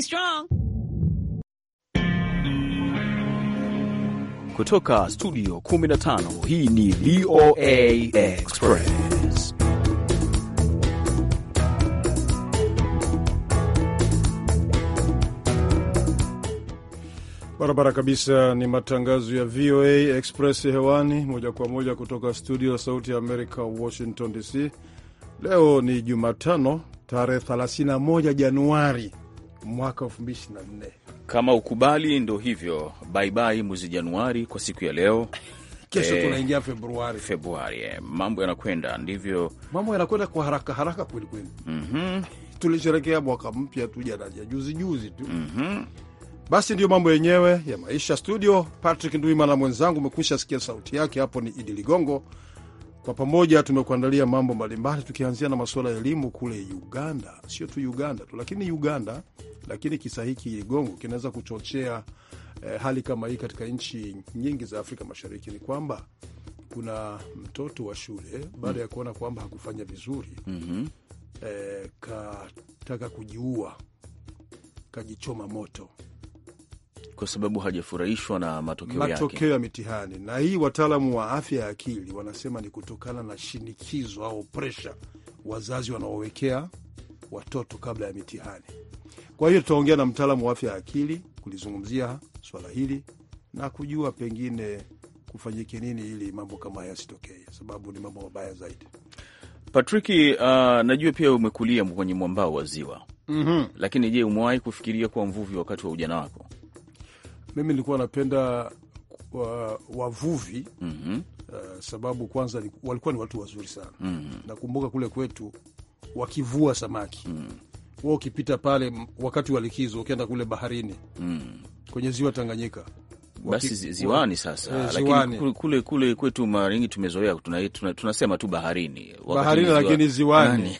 Strong. Kutoka studio 15 hii ni VOA Express. Barabara kabisa ni matangazo ya VOA Express hewani moja kwa moja kutoka studio sauti ya Amerika Washington DC. Leo ni Jumatano tarehe 31 Januari mwaka 2024. Kama ukubali, ndo hivyo, baibai mwezi Januari kwa siku ya leo. Kesho eh, tunaingia Februari. Februari eh, mambo yanakwenda ndivyo, mambo yanakwenda kwa haraka haraka kweli kweli. mm -hmm. Tulisherekea mwaka mpya tu jana juzi juzi tu. mm -hmm. Basi ndiyo mambo yenyewe ya maisha. Studio Patrick Ndwimana, mwenzangu umekwisha sikia sauti yake hapo, ni Idi Ligongo. Kwa pamoja tumekuandalia mambo mbalimbali, tukianzia na masuala ya elimu kule Uganda, sio tu Uganda tu lakini Uganda. Lakini kisa hiki Igongo kinaweza kuchochea eh, hali kama hii katika nchi nyingi za Afrika Mashariki, ni kwamba kuna mtoto wa shule baada ya kuona kwamba hakufanya vizuri mm -hmm. eh, kataka kujiua, kajichoma moto kwa sababu hajafurahishwa na matokeo, matokeo ya mitihani. Na hii wataalamu wa afya ya akili wanasema ni kutokana na shinikizo au presha wazazi wanaowekea watoto kabla ya mitihani. Kwa hiyo tutaongea na mtaalamu wa afya ya akili kulizungumzia swala hili na kujua pengine kufanyike nini ili mambo kama haya yasitokee, sababu ni mambo mabaya zaidi. Patriki, uh, najua pia umekulia kwenye mwambao wa ziwa mm -hmm. Lakini je, umewahi kufikiria kuwa mvuvi wakati wa ujana wako? mimi nilikuwa napenda uh, wavuvi mm -hmm. Uh, sababu kwanza walikuwa ni watu wazuri sana mm -hmm. Nakumbuka kule kwetu wakivua samaki mm -hmm. Wa ukipita pale wakati wa likizo ukienda kule baharini mm -hmm. kwenye ziwa Tanganyika basi ziwani sasa, e, lakini kule kule kwetu mara nyingi tumezoea tuna, tuna, tunasema tu baharini baharini, lakini ziwani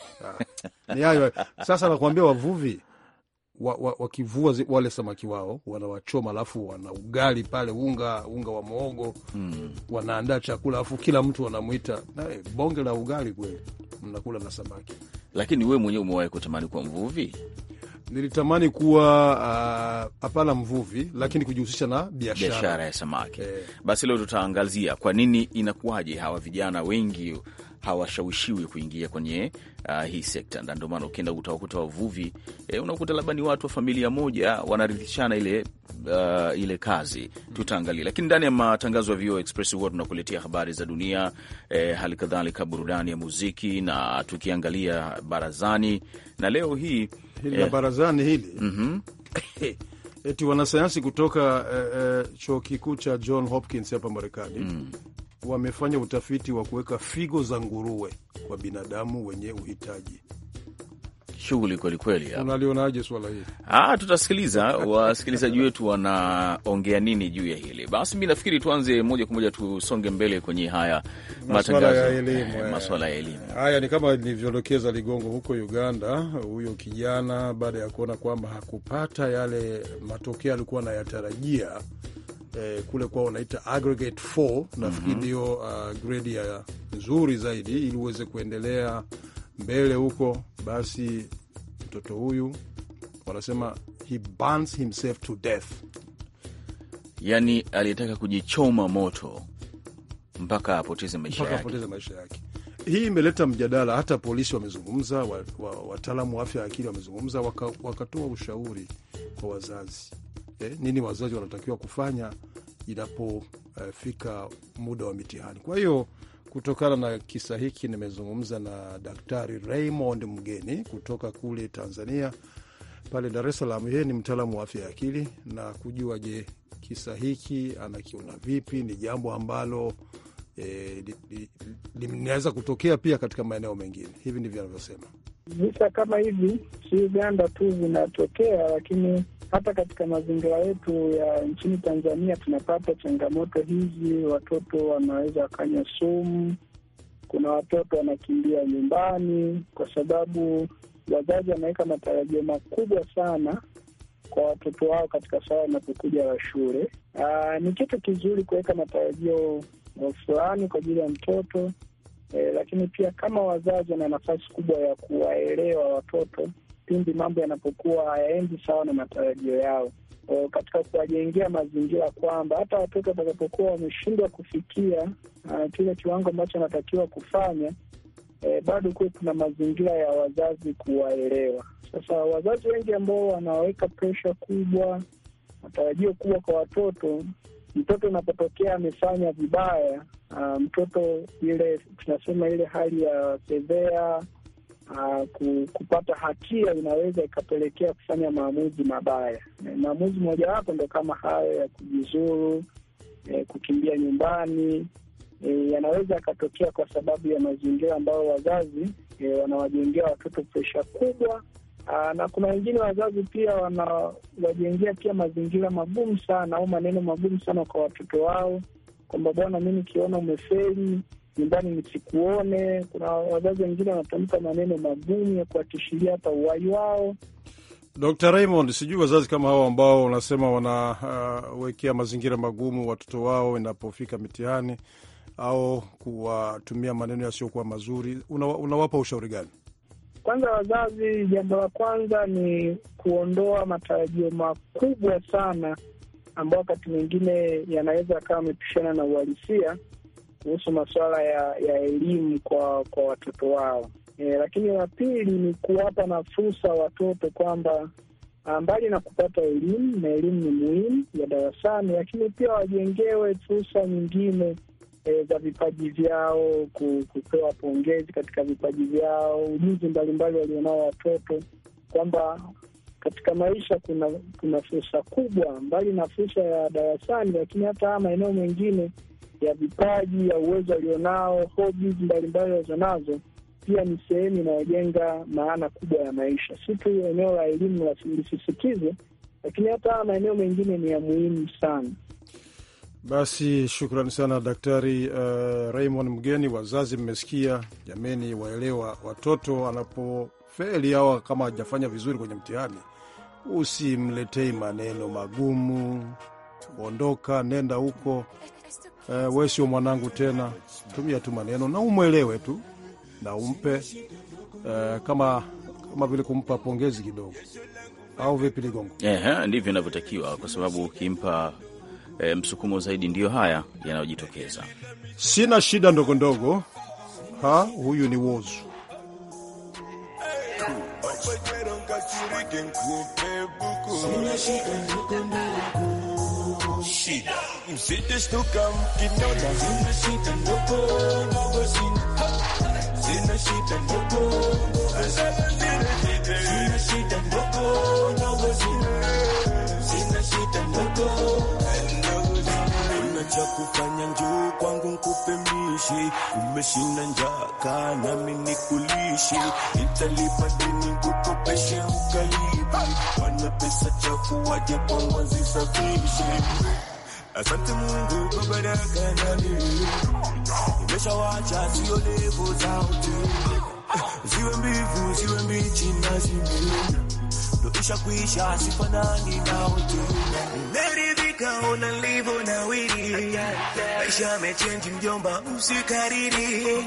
ah. ni hayo sasa. Nakuambia wavuvi wakivua wa, wa wale samaki wao wanawachoma, alafu wana ugali pale, unga unga wa mwogo mm. Wanaandaa chakula, alafu kila mtu anamwita eh, bonge la ugali kweli, mnakula na samaki. Lakini wewe mwenyewe umewahi kutamani kuwa mvuvi? Nilitamani kuwa ah, hapana, uh, mvuvi lakini kujihusisha na biashara ya samaki eh. Basi leo tutaangazia kwa nini inakuwaje hawa vijana wengi hawashawishiwi kuingia kwenye uh, hii sekta, na ndio maana ukienda utawakuta wavuvi e, unakuta labda ni watu wa familia moja wanarithishana ile, uh, ile kazi. Tutaangalia lakini ndani ya matangazo ya VOA Express huwa tunakuletea habari za dunia e, hali kadhalika burudani ya muziki na tukiangalia barazani, na leo hii hili la eh, barazani hili mm -hmm. Eti wanasayansi kutoka eh, eh, chuo kikuu cha John Hopkins hapa Marekani mm wamefanya utafiti wa kuweka figo za nguruwe kwa binadamu wenye uhitaji. Shughuli kwelikweli. Unalionaje swala hili? Ah, tutasikiliza wasikilizaji wetu wanaongea nini juu ya hili. Basi mi nafikiri tuanze moja kwa moja, tusonge mbele kwenye haya matangazo ya eh, eh. maswala ya elimu. Haya ni kama nilivyodokeza Ligongo, huko Uganda, huyo kijana baada ya kuona kwamba hakupata yale matokeo alikuwa anayatarajia eh, kule kwao wanaita aggregate 4 nafikiri mhm. ndio mm -hmm. uh, grade ya nzuri zaidi ili uweze kuendelea mbele huko. Basi mtoto huyu wanasema he burns himself to death, yani aliyetaka kujichoma moto mpaka apoteze maisha yake, apoteze maisha yake. Hii imeleta mjadala, hata polisi wamezungumza, wataalamu wa, wa afya ya akili wamezungumza, wakatoa waka ushauri kwa wazazi eh, nini wazazi wanatakiwa kufanya inapofika eh, muda wa mitihani. Kwa hiyo kutokana na kisa hiki nimezungumza na Daktari Raymond Mgeni kutoka kule Tanzania pale Dar es Salaam. Yeye ni mtaalamu wa afya ya akili na kujua, je, kisa hiki anakiona vipi? Ni jambo ambalo eh, linaweza e, kutokea pia katika maeneo mengine. Hivi ndivyo anavyosema. Visa kama hivi si Uganda tu vinatokea, lakini hata katika mazingira yetu ya nchini Tanzania tunapata changamoto hizi. Watoto wanaweza wakanywa sumu, kuna watoto wanakimbia nyumbani kwa sababu wazazi wanaweka matarajio makubwa sana kwa watoto wao katika swala inapokuja la shule. Ni kitu kizuri kuweka matarajio fulani kwa ajili ya mtoto, e, lakini pia kama wazazi wana nafasi kubwa ya kuwaelewa watoto pindi mambo yanapokuwa hayaendi sawa na matarajio yao, o, katika kuwajengea mazingira kwamba hata watoto watakapokuwa wameshindwa kufikia ah, kile kiwango ambacho wanatakiwa kufanya e, bado kuwe kuna mazingira ya wazazi kuwaelewa. Sasa wazazi wengi ambao wanaweka presha kubwa, matarajio kubwa kwa watoto, mtoto unapotokea amefanya vibaya mtoto ah, mtoto ile tunasema ile hali ya sevea uh, kupata hatia inaweza ikapelekea kufanya maamuzi mabaya. Eh, maamuzi mojawapo ndo kama hayo ya kujizuru, eh, kukimbia nyumbani eh, yanaweza yakatokea kwa sababu ya mazingira ambayo wazazi eh, wanawajengea watoto presha kubwa. Aa, ah, na kuna wengine wazazi pia wanawajengea pia mazingira magumu sana au maneno magumu sana kwa watoto wao, kwamba bwana, mi nikiona umefeli nyumbani nisikuone. Kuna wazazi wengine wanatamka maneno magumu ya kuwatishiria hata uhai wao. Dr. Raymond, sijui wazazi kama hao ambao wanasema wanawekea uh, mazingira magumu watoto wao inapofika mitihani au kuwatumia maneno yasiyokuwa mazuri, unawapa una ushauri gani? Kwanza wazazi, jambo la kwanza ni kuondoa matarajio makubwa sana ambao wakati mwingine yanaweza yakawa amepishana na uhalisia kuhusu masuala ya ya elimu kwa kwa watoto wao. E, lakini la pili ni kuwapa na fursa watoto kwamba ah, mbali na kupata elimu, na elimu ni muhimu ya darasani, lakini pia wajengewe fursa nyingine e, za vipaji vyao, kupewa pongezi katika vipaji vyao, ujuzi mbalimbali walionao watoto, kwamba katika maisha kuna kuna fursa kubwa, mbali na fursa ya darasani, lakini hata maeneo mengine ya vipaji, ya uwezo alionao, hobbies mbalimbali alizonazo, pia ni sehemu inayojenga maana kubwa ya maisha. Si tu eneo la elimu lisisikize lakini hata maeneo mengine ni ya muhimu sana. Basi shukrani sana Daktari uh, Raymond Mgeni. Wazazi mmesikia, jameni, waelewa watoto anapofeli awa kama hajafanya vizuri kwenye mtihani usimletei maneno magumu, ondoka, nenda huko, eh, we sio mwanangu tena. Tumia tu maneno na umwelewe tu na umpe eh, kama kama vile kumpa pongezi kidogo, au vipi Ligongo? ndivyo inavyotakiwa kwa sababu ukimpa E, msukumo zaidi, ndiyo haya yanayojitokeza. Sina shida ndogondogo, huyu ni Wozu nikupe buku, msiteshtuka mkiniona sina cha kufanya, njoo kwangu nkupe mishi, umeshinda njaa, kaa nami nikulishi, nitalipa deni kukopeshe ukalibi, wana pesa chafu waje kwangu wazisafishe. Asante Mungu kwa baraka nami nimeshawacha, sio levo za hoteli, ziwe mbivu ziwe mbichi, nazime kwisha kuisha sifanani na umeridhika, ona livo na wili maisha mechenji, mjomba usikariri,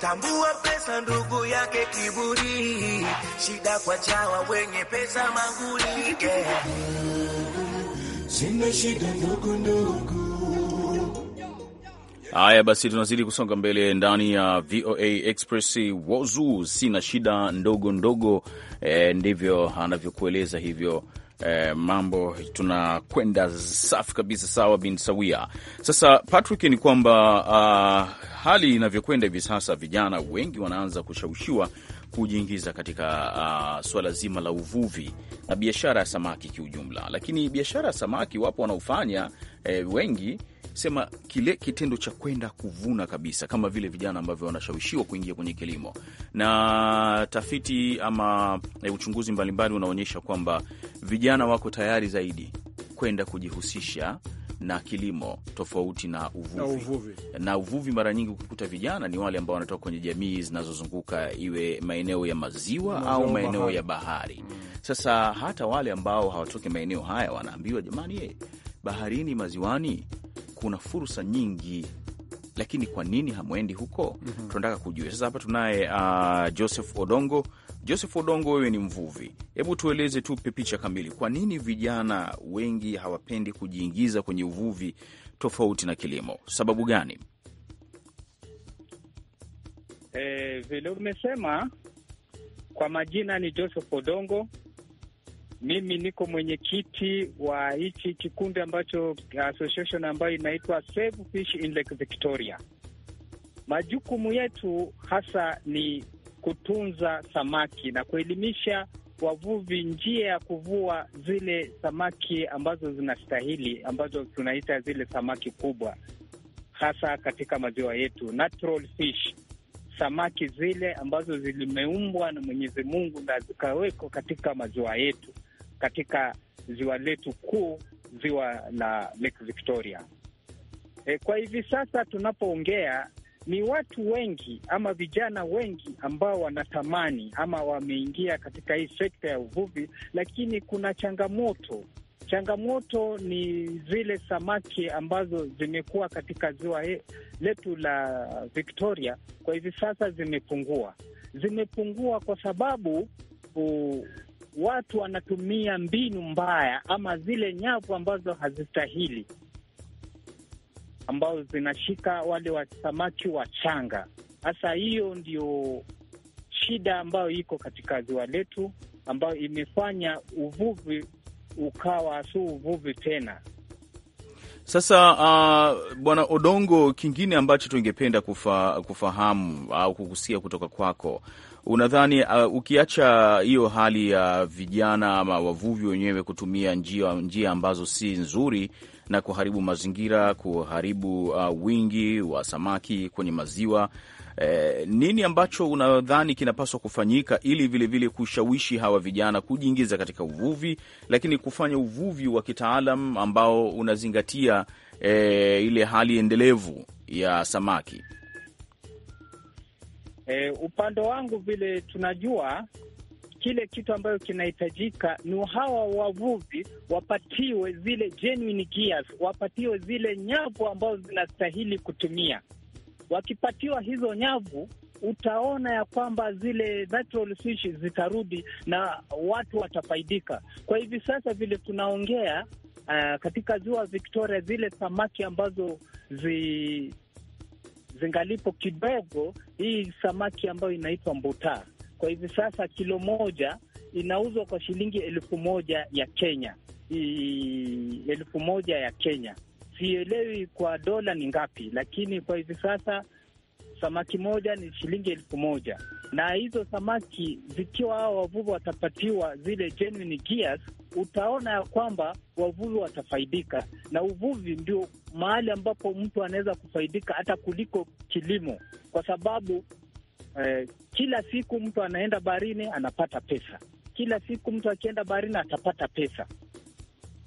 tambua pesa ndugu yake kiburi, shida kwa chawa wenye pesa manguli, yeah. Sina shida ndugu ndugu Haya basi, tunazidi kusonga mbele ndani ya VOA Express. Wozu sina shida ndogo ndogo, e, ndivyo anavyokueleza hivyo. E, mambo tunakwenda safi kabisa, sawa bin sawia. Sasa Patrick, ni kwamba uh, hali inavyokwenda hivi sasa, vijana wengi wanaanza kushawishiwa kujiingiza katika uh, swala zima la uvuvi na biashara ya samaki kiujumla, lakini biashara ya samaki wapo wanaofanya eh, wengi sema kile kitendo cha kwenda kuvuna kabisa, kama vile vijana ambavyo wanashawishiwa kuingia kwenye kilimo. Na tafiti ama eh, uchunguzi mbalimbali unaonyesha kwamba vijana wako tayari zaidi kwenda kujihusisha na kilimo tofauti na uvuvi. Na uvuvi na uvuvi, mara nyingi ukikuta vijana ni wale ambao wanatoka kwenye jamii zinazozunguka iwe maeneo ya maziwa Mazo au maeneo bahari, ya bahari. Mm. Sasa hata wale ambao hawatoki maeneo haya wanaambiwa, jamani, eh, baharini, maziwani kuna fursa nyingi lakini kwa nini hamwendi huko? mm -hmm. Tunataka kujua sasa. Hapa tunaye uh, Joseph Odongo. Joseph Odongo, wewe ni mvuvi, hebu tueleze, tupe picha kamili, kwa nini vijana wengi hawapendi kujiingiza kwenye uvuvi tofauti na kilimo? Sababu gani? E, vile umesema, kwa majina ni Joseph Odongo, mimi niko mwenyekiti wa hichi kikundi ambacho uh, association ambayo inaitwa Save Fish in Lake Victoria. Majukumu yetu hasa ni kutunza samaki na kuelimisha wavuvi njia ya kuvua zile samaki ambazo zinastahili, ambazo tunaita zile samaki kubwa, hasa katika maziwa yetu, natural fish, samaki zile ambazo zilimeumbwa na Mwenyezi Mungu na zikawekwa katika maziwa yetu katika ziwa letu kuu, ziwa la Lake Victoria. E, kwa hivi sasa tunapoongea ni watu wengi ama vijana wengi ambao wanatamani ama wameingia katika hii sekta ya uvuvi, lakini kuna changamoto. Changamoto ni zile samaki ambazo zimekuwa katika ziwa letu la Victoria, kwa hivi sasa zimepungua. Zimepungua kwa sababu watu wanatumia mbinu mbaya ama zile nyavu ambazo hazistahili, ambazo zinashika wale wasamaki wachanga. Sasa hiyo ndio shida ambayo iko katika ziwa letu, ambayo imefanya uvuvi ukawa su uvuvi tena. Sasa uh, Bwana Odongo, kingine ambacho tungependa kufa, kufahamu au kukusikia kutoka kwako unadhani uh, ukiacha hiyo hali ya uh, vijana ama wavuvi wenyewe kutumia njia, njia ambazo si nzuri na kuharibu mazingira, kuharibu uh, wingi wa samaki kwenye maziwa eh, nini ambacho unadhani kinapaswa kufanyika ili vilevile kushawishi hawa vijana kujiingiza katika uvuvi, lakini kufanya uvuvi wa kitaalam ambao unazingatia eh, ile hali endelevu ya samaki? E, upande wangu vile tunajua kile kitu ambayo kinahitajika ni hawa wavuvi wapatiwe zile genuine gears, wapatiwe zile nyavu ambazo zinastahili kutumia. Wakipatiwa hizo nyavu, utaona ya kwamba zile natural fish zitarudi na watu watafaidika. Kwa hivi sasa vile tunaongea, uh, katika ziwa Victoria, zile samaki ambazo zi zingalipo kidogo hii samaki ambayo inaitwa mbuta Kwa hivi sasa kilo moja inauzwa kwa shilingi elfu moja ya Kenya. elfu moja ya Kenya sielewi kwa dola ni ngapi, lakini kwa hivi sasa samaki moja ni shilingi elfu moja na hizo samaki zikiwa hao wavuvi watapatiwa zile genuine gears, utaona ya kwamba wavuvi watafaidika, na uvuvi ndio mahali ambapo mtu anaweza kufaidika hata kuliko kilimo, kwa sababu eh, kila siku mtu anaenda baharini anapata pesa. Kila siku mtu akienda baharini atapata pesa.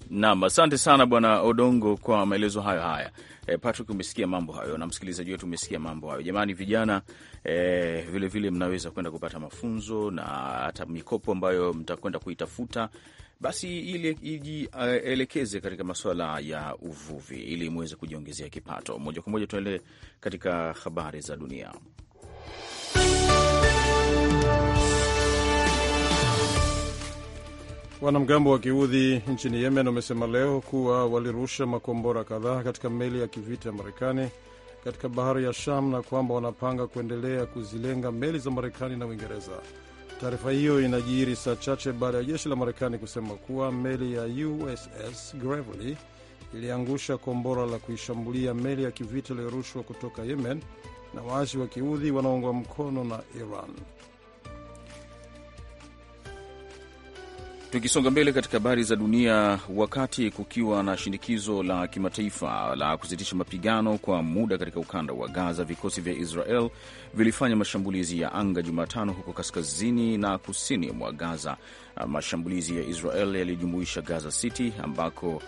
Nam, asante sana Bwana Odongo kwa maelezo hayo. Haya e, Patrick, umesikia mambo hayo na msikilizaji wetu umesikia mambo hayo. Jamani vijana, eh, e, vilevile mnaweza kwenda kupata mafunzo na hata mikopo ambayo mtakwenda kuitafuta basi ili ijielekeze uh, katika masuala ya uvuvi ili muweze kujiongezea kipato. Moja kwa moja tuende katika habari za dunia. Wanamgambo wa kiudhi nchini Yemen wamesema leo kuwa walirusha makombora kadhaa katika meli ya kivita ya Marekani katika bahari ya Sham na kwamba wanapanga kuendelea kuzilenga meli za Marekani na Uingereza. Taarifa hiyo inajiri saa chache baada ya jeshi la Marekani kusema kuwa meli ya USS Gravely iliangusha kombora la kuishambulia meli ya kivita iliyorushwa kutoka Yemen na waasi wa kiudhi wanaoungwa mkono na Iran. Tukisonga mbele katika habari za dunia, wakati kukiwa na shinikizo la kimataifa la kusitisha mapigano kwa muda katika ukanda wa Gaza, vikosi vya Israel vilifanya mashambulizi ya anga Jumatano huko kaskazini na kusini mwa Gaza. Mashambulizi ya Israel yalijumuisha Gaza City ambako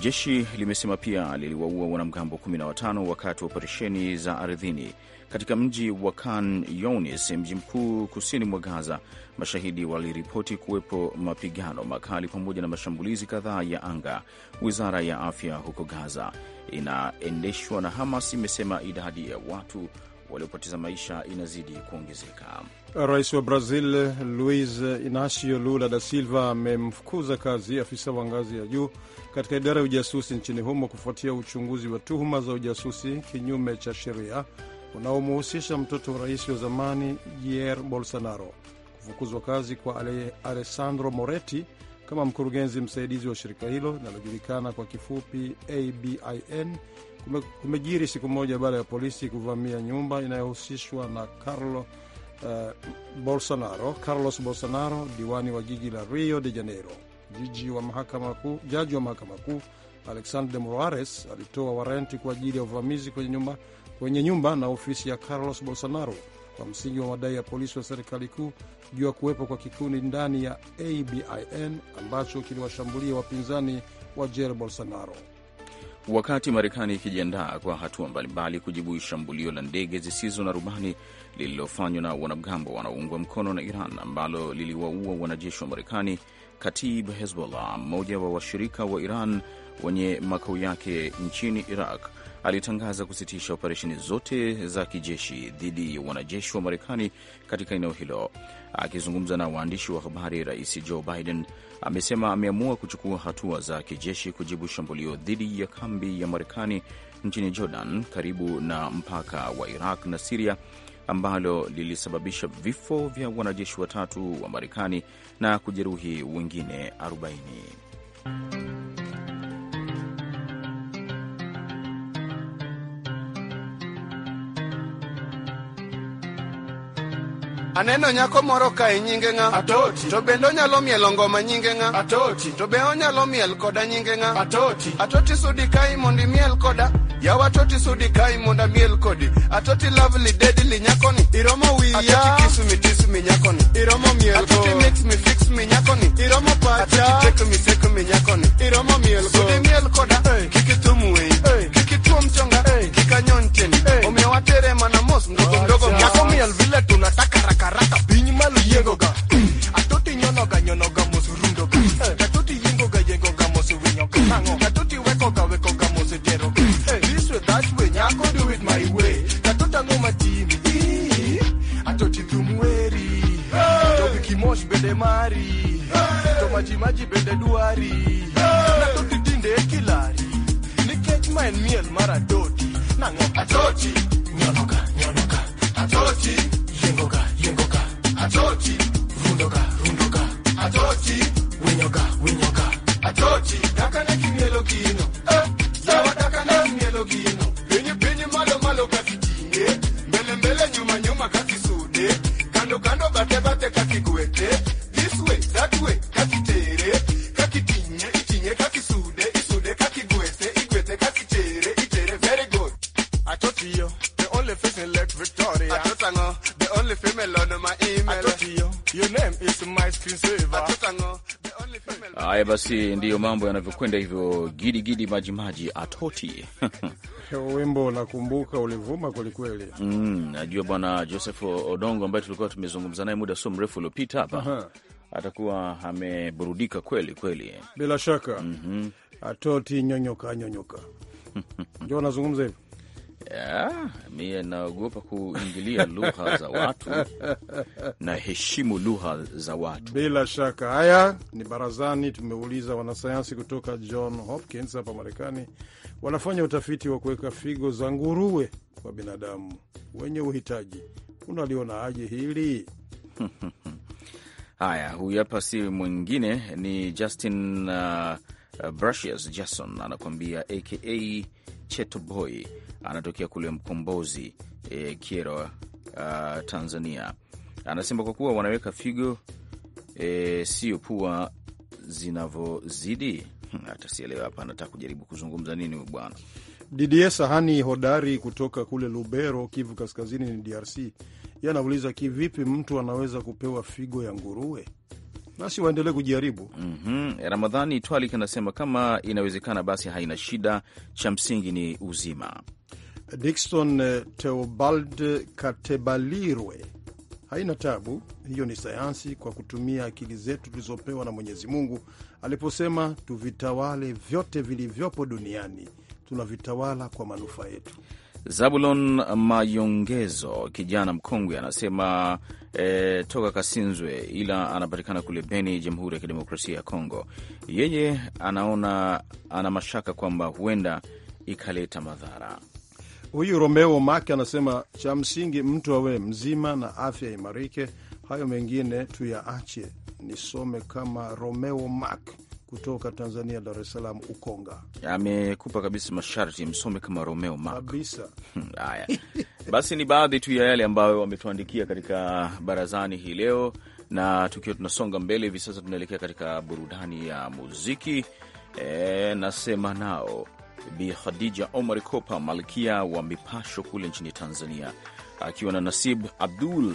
jeshi limesema pia liliwaua wanamgambo 15 wakati wa operesheni za ardhini katika mji wa Khan Younis, mji mkuu kusini mwa Gaza. Mashahidi waliripoti kuwepo mapigano makali pamoja na mashambulizi kadhaa ya anga. Wizara ya afya huko Gaza inaendeshwa na Hamas imesema idadi ya watu waliopoteza maisha inazidi kuongezeka. Rais wa Brazil Luis Inacio Lula da Silva amemfukuza kazi afisa wa ngazi ya juu katika idara ya ujasusi nchini humo kufuatia uchunguzi wa tuhuma za ujasusi kinyume cha sheria unaomuhusisha mtoto wa rais wa zamani Jair Bolsonaro, kufukuzwa kazi kwa Alessandro Moretti kama mkurugenzi msaidizi wa shirika hilo linalojulikana kwa kifupi ABIN kumejiri siku moja baada ya polisi kuvamia nyumba inayohusishwa na Carlo, uh, Bolsonaro, Carlos Bolsonaro, diwani wa jiji la Rio de Janeiro. Jaji wa mahakama kuu jaji wa mahakama kuu Alexandre de Moraes alitoa warenti kwa ajili ya uvamizi kwenye nyumba kwenye nyumba na ofisi ya Carlos Bolsonaro kwa msingi wa madai ya polisi wa serikali kuu juu ya kuwepo kwa kikundi ndani ya ABIN ambacho kiliwashambulia wapinzani wa Jair Bolsonaro. Wakati Marekani ikijiandaa kwa hatua mbalimbali kujibu shambulio la ndege zisizo na rubani lililofanywa na wanamgambo wanaoungwa mkono na Iran ambalo liliwaua wanajeshi wa Marekani. Katib Hezbollah, mmoja wa washirika wa Iran wenye makao yake nchini Iraq, alitangaza kusitisha operesheni zote za kijeshi dhidi ya wanajeshi wa Marekani katika eneo hilo. Akizungumza na waandishi wa habari, Rais Joe Biden amesema ameamua kuchukua hatua za kijeshi kujibu shambulio dhidi ya kambi ya Marekani nchini Jordan, karibu na mpaka wa Iraq na Siria ambalo lilisababisha vifo vya wanajeshi watatu wa Marekani na kujeruhi wengine 40. Aneno nyako moro kae nyinge ng'a? Atoti. To bende onyalo miel ngoma nyinge ng'a? Atoti. To be onyalo miel koda nyinge ng'a? Atoti. Atoti sudi kai mondi miel koda. Yawa atoti sudi kai monda miel kodi. Atoti lovely deadly nyakoni. Iromo wiya. Atoti kiss me kiss me nyakoni. Iromo miel go. Atoti mix me fix me nyakoni. Iromo pacha. Atoti take me take me nyakoni. Iromo miel go. Sudi miel koda. Hey. Kiki tumwe. Hey. Kiki tumchonga. Hey. Kika nyonteni. Hey. Omewatere mana mos ndogo ndogo. basi ndiyo mambo yanavyokwenda hivyo, gidigidi majimaji atoti wimbo nakumbuka ulivuma kwelikweli. Mm, najua bwana Joseph Odongo ambaye tulikuwa tumezungumza naye muda sio mrefu uliopita hapa atakuwa ameburudika kweli kweli, bila shaka mm -hmm. Atoti nyonyoka nyonyoka, ndio anazungumza hivyo mie naogopa kuingilia lugha za watu na heshimu lugha za watu. Bila shaka, haya ni barazani. Tumeuliza wanasayansi kutoka John Hopkins hapa Marekani wanafanya utafiti wa kuweka figo za nguruwe kwa binadamu wenye uhitaji. Unaliona aje hili? Haya, huyu hapa si mwingine ni Justin uh, Brusius Jason anakuambia aka Cheto Boy anatokea kule Mkombozi e, Kiero uh, Tanzania. Anasema kwa kuwa wanaweka figo e, sio pua zinavyozidi. Hmm, hata sielewa hapa anataka kujaribu kuzungumza nini bwana. Didie Sahani hodari kutoka kule Lubero, Kivu Kaskazini ni DRC, ye anauliza kivipi mtu anaweza kupewa figo ya nguruwe? Basi waendelee kujaribu. mm -hmm. Ramadhani Twalik anasema kama inawezekana, basi haina shida, cha msingi ni uzima. Dikson eh, teobald Katebalirwe haina tabu, hiyo ni sayansi, kwa kutumia akili zetu tulizopewa na Mwenyezi Mungu aliposema tuvitawale vyote vilivyopo duniani, tunavitawala kwa manufaa yetu. Zabulon Mayongezo, kijana mkongwe, anasema e, toka Kasinzwe ila anapatikana kule Beni, Jamhuri ya Kidemokrasia ya Kongo. Yeye anaona ana mashaka kwamba huenda ikaleta madhara Huyu Romeo Mak anasema cha msingi mtu awe mzima na afya imarike, hayo mengine tuyaache. Nisome kama Romeo Mak kutoka Tanzania, Dar es Salaam, Ukonga. Amekupa kabisa masharti, msome kama Romeo Mak kabisa. Hmm, haya basi, ni baadhi tu ya yale ambayo wametuandikia katika barazani hii leo, na tukiwa tunasonga mbele hivi sasa, tunaelekea katika burudani ya muziki. E, nasema nao Bi Khadija Omar Kopa, malkia wa mipasho kule nchini Tanzania, akiwa na Nasib Abdul.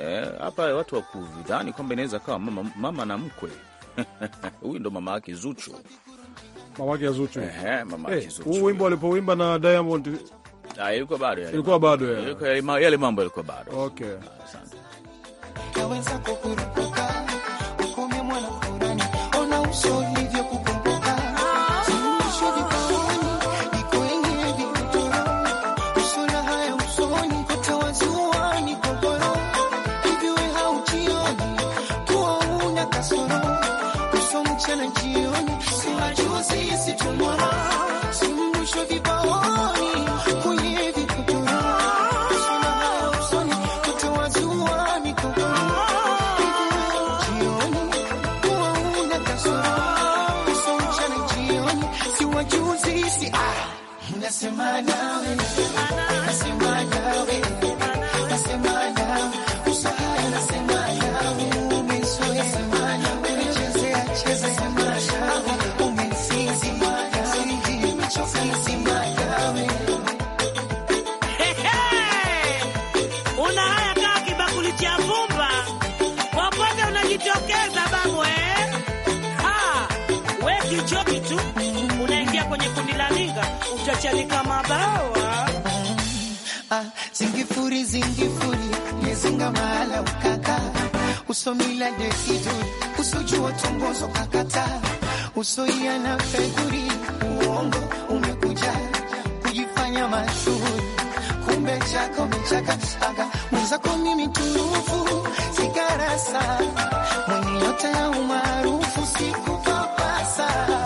Eh, hapa e, watu wakudhani kwamba inaweza kawa mama, mama na mkwe huyu ndo mama yake Zuchu, mama yake Zuchu, ehe, mama yake eh, Zuchu. Huu wimbo alipowimba na Diamond ah, ilikuwa bado ilikuwa bado yale mambo, yalikuwa bado. Okay, asante. Cheza kila mahala ukaka usomila desidul usojua tongozo kakata usoia na feguri uongo umekuja kujifanya mashuhuri kumbe chako mechaka aga mwenzako mimi turufu sikarasa mwenye yote ya umaarufu sikupapasa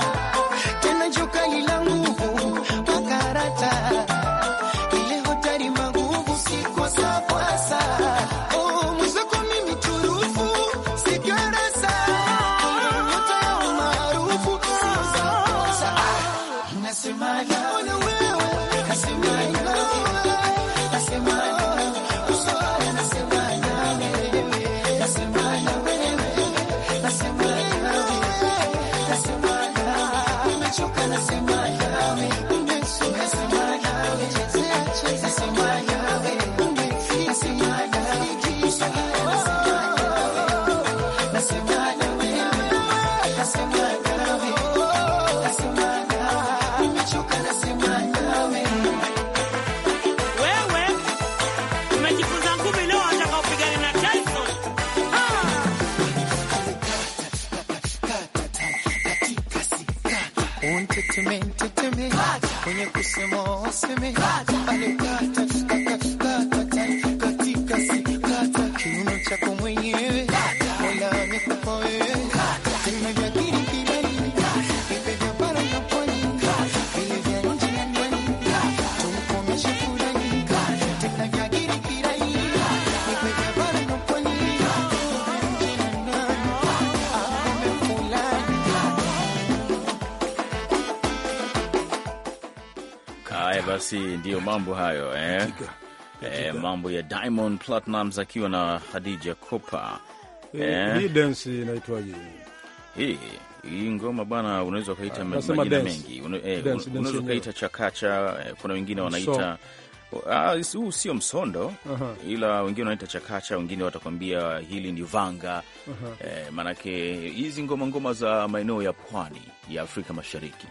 untetemee, tetemee kwenye kusema waseme basi ndiyo mambo hayo eh. Eh, mambo ya Diamond Platnumz akiwa na Khadija Kopa eh. eh? Hii inaitwaje hii? Hii ngoma bana, unaweza ukaita ah, majina mengi, eh, unaweza ukaita chakacha, eh, kuna wengine wanaita ah, huu sio msondo uh -huh. Ila wengine wanaita chakacha, wengine watakwambia hili ni vanga uh -huh. Eh, maanake hizi ngoma ngoma za maeneo ya pwani ya Afrika Mashariki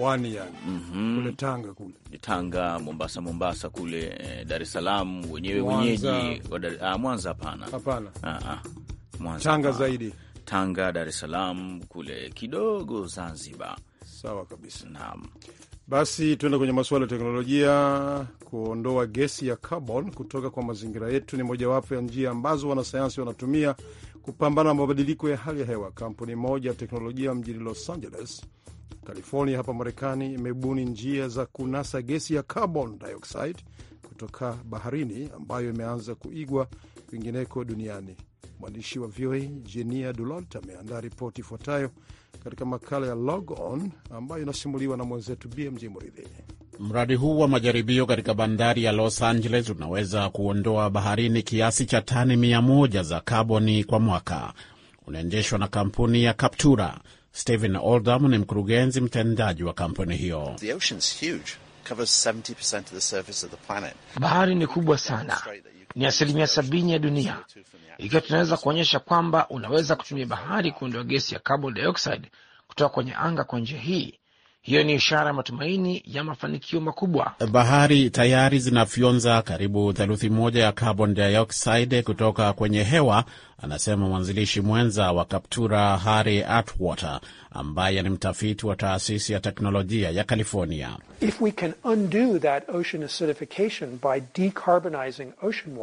pwani yani mm -hmm. kule Tanga kule Tanga, Mombasa, Mombasa kule eh, Dar es Salaam wenyewe wenyeji ah, Mwanza hapana, hapana ah, ah, Mwanza Tanga zaidi Tanga, Dar es Salaam kule kidogo Zanzibar. Sawa kabisa, naam. Basi tuende kwenye masuala ya teknolojia. Kuondoa gesi ya carbon kutoka kwa mazingira yetu ni mojawapo ya njia ambazo wanasayansi wanatumia kupambana na mabadiliko ya hali ya hewa. Kampuni moja ya teknolojia mjini Los Angeles California hapa Marekani imebuni njia za kunasa gesi ya carbon dioxide kutoka baharini ambayo imeanza kuigwa kwingineko duniani. Mwandishi wa VOA Jenia Dulot ameandaa ripoti ifuatayo katika makala ya Log On ambayo inasimuliwa na mwenzetu BMJ Muridhi. Mradi huu wa majaribio katika bandari ya Los Angeles unaweza kuondoa baharini kiasi cha tani mia moja za kaboni kwa mwaka. Unaendeshwa na kampuni ya Kaptura. Stephen Oldham ni mkurugenzi mtendaji wa kampuni hiyo. The ocean's huge. Covers 70% of the surface of the planet. Bahari ni kubwa sana, ni asilimia sabini ya dunia. Ikiwa tunaweza kuonyesha kwamba unaweza kutumia bahari kuondoa gesi ya carbon dioxide kutoka kwenye anga kwa njia hii, hiyo ni ishara ya matumaini ya mafanikio makubwa. Bahari tayari zinafyonza karibu theluthi moja ya carbon dioxide kutoka kwenye hewa, anasema mwanzilishi mwenza wa Kaptura hary Atwater, ambaye ni mtafiti wa taasisi ya teknolojia ya California.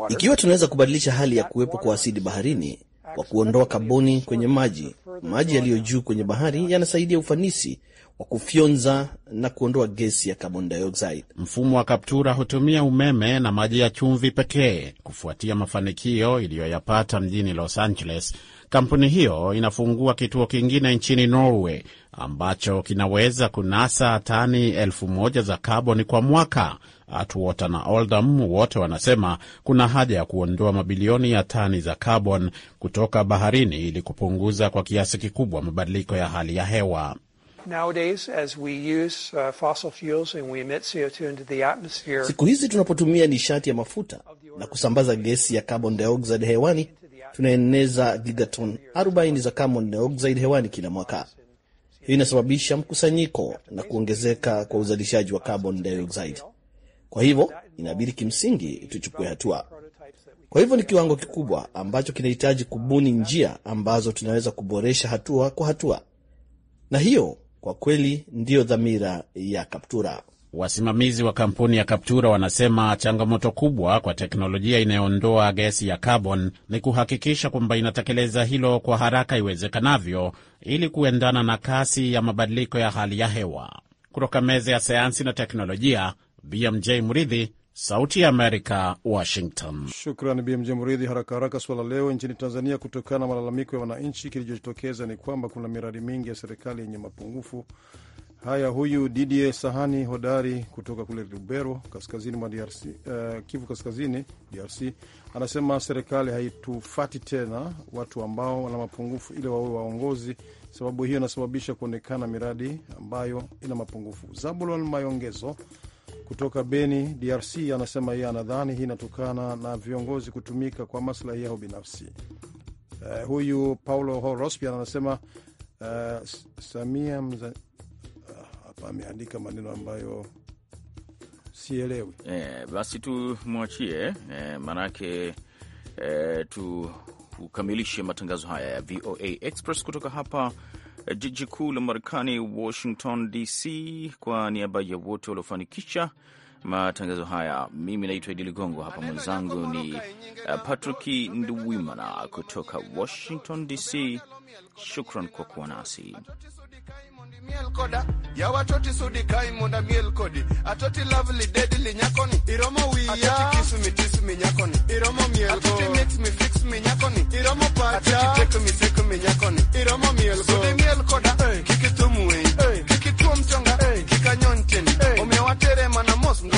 Ikiwa tunaweza kubadilisha hali ya kuwepo kwa asidi baharini wa kuondoa kaboni kwenye maji. Maji yaliyo juu kwenye bahari yanasaidia ufanisi wa kufyonza na kuondoa gesi ya carbon dioxide. Mfumo wa kaptura hutumia umeme na maji ya chumvi pekee. Kufuatia mafanikio iliyoyapata mjini Los Angeles, kampuni hiyo inafungua kituo kingine nchini Norway ambacho kinaweza kunasa tani elfu moja za kaboni kwa mwaka. Atwater na Oldham wote wanasema kuna haja ya kuondoa mabilioni ya tani za carbon kutoka baharini ili kupunguza kwa kiasi kikubwa mabadiliko ya hali ya hewa. Siku hizi tunapotumia nishati ya mafuta na kusambaza gesi ya carbon dioxide hewani, tunaeneza gigaton 40 za carbon dioxide hewani kila mwaka. Hii inasababisha mkusanyiko na kuongezeka kwa uzalishaji wa carbon dioxide. Kwa hivyo inabidi kimsingi tuchukue hatua. Kwa hivyo ni kiwango kikubwa ambacho kinahitaji kubuni njia ambazo tunaweza kuboresha hatua kwa hatua, na hiyo kwa kweli ndiyo dhamira ya Kaptura. Wasimamizi wa kampuni ya Kaptura wanasema changamoto kubwa kwa teknolojia inayoondoa gesi ya carbon ni kuhakikisha kwamba inatekeleza hilo kwa haraka iwezekanavyo ili kuendana na kasi ya mabadiliko ya hali ya hewa. Kutoka meza ya sayansi na teknolojia, BMJ Mridhi, Sauti ya Amerika, Washington. Shukran BMJ Mridhi. Haraka haraka, suala leo nchini Tanzania, kutokana na malalamiko ya wananchi, kilichojitokeza ni kwamba kuna miradi mingi ya serikali yenye mapungufu. Haya, huyu Didie Sahani hodari kutoka kule Lubero, kaskazini mwa DRC, uh, eh, Kivu Kaskazini, DRC, anasema serikali haitufati tena watu ambao wana mapungufu ili wawe waongozi. Sababu hiyo inasababisha kuonekana miradi ambayo ina mapungufu. Zabulon Mayongezo kutoka Beni, DRC, anasema yeye anadhani hii inatokana na viongozi kutumika kwa maslahi yao binafsi. Uh, huyu Paulo horospi anasema uh, Samia mza... Ah, hapa ameandika maneno ambayo sielewi. Eh, basi tumwachie eh, maanake eh, tukamilishe matangazo haya ya VOA Express kutoka hapa jiji kuu la Marekani, Washington DC. Kwa niaba ya wote waliofanikisha matangazo haya, mimi naitwa Idi Ligongo, hapa mwenzangu ni Patrick Nduwimana kutoka Washington DC. Shukran kwa kuwa nasi miel koda yawa toti sudi kai monda miel kodi atoti lovely daddy li nyakoni iromo wiya atoti kiss me kiss me nyakoni iromo miel kodi atoti mix me fix me nyakoni iromo pacha atoti take me take me nyakoni iromo miel kodi sudi miel koda hey. kikitumu hey. hey. kikitua mchonga hey. kikanyonteni hey. umewatere mana mos